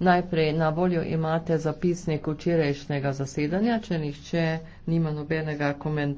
Najprej na voljo imate zapisnik včerajšnjega zasedanja, če nihče nima nobenega komentarja.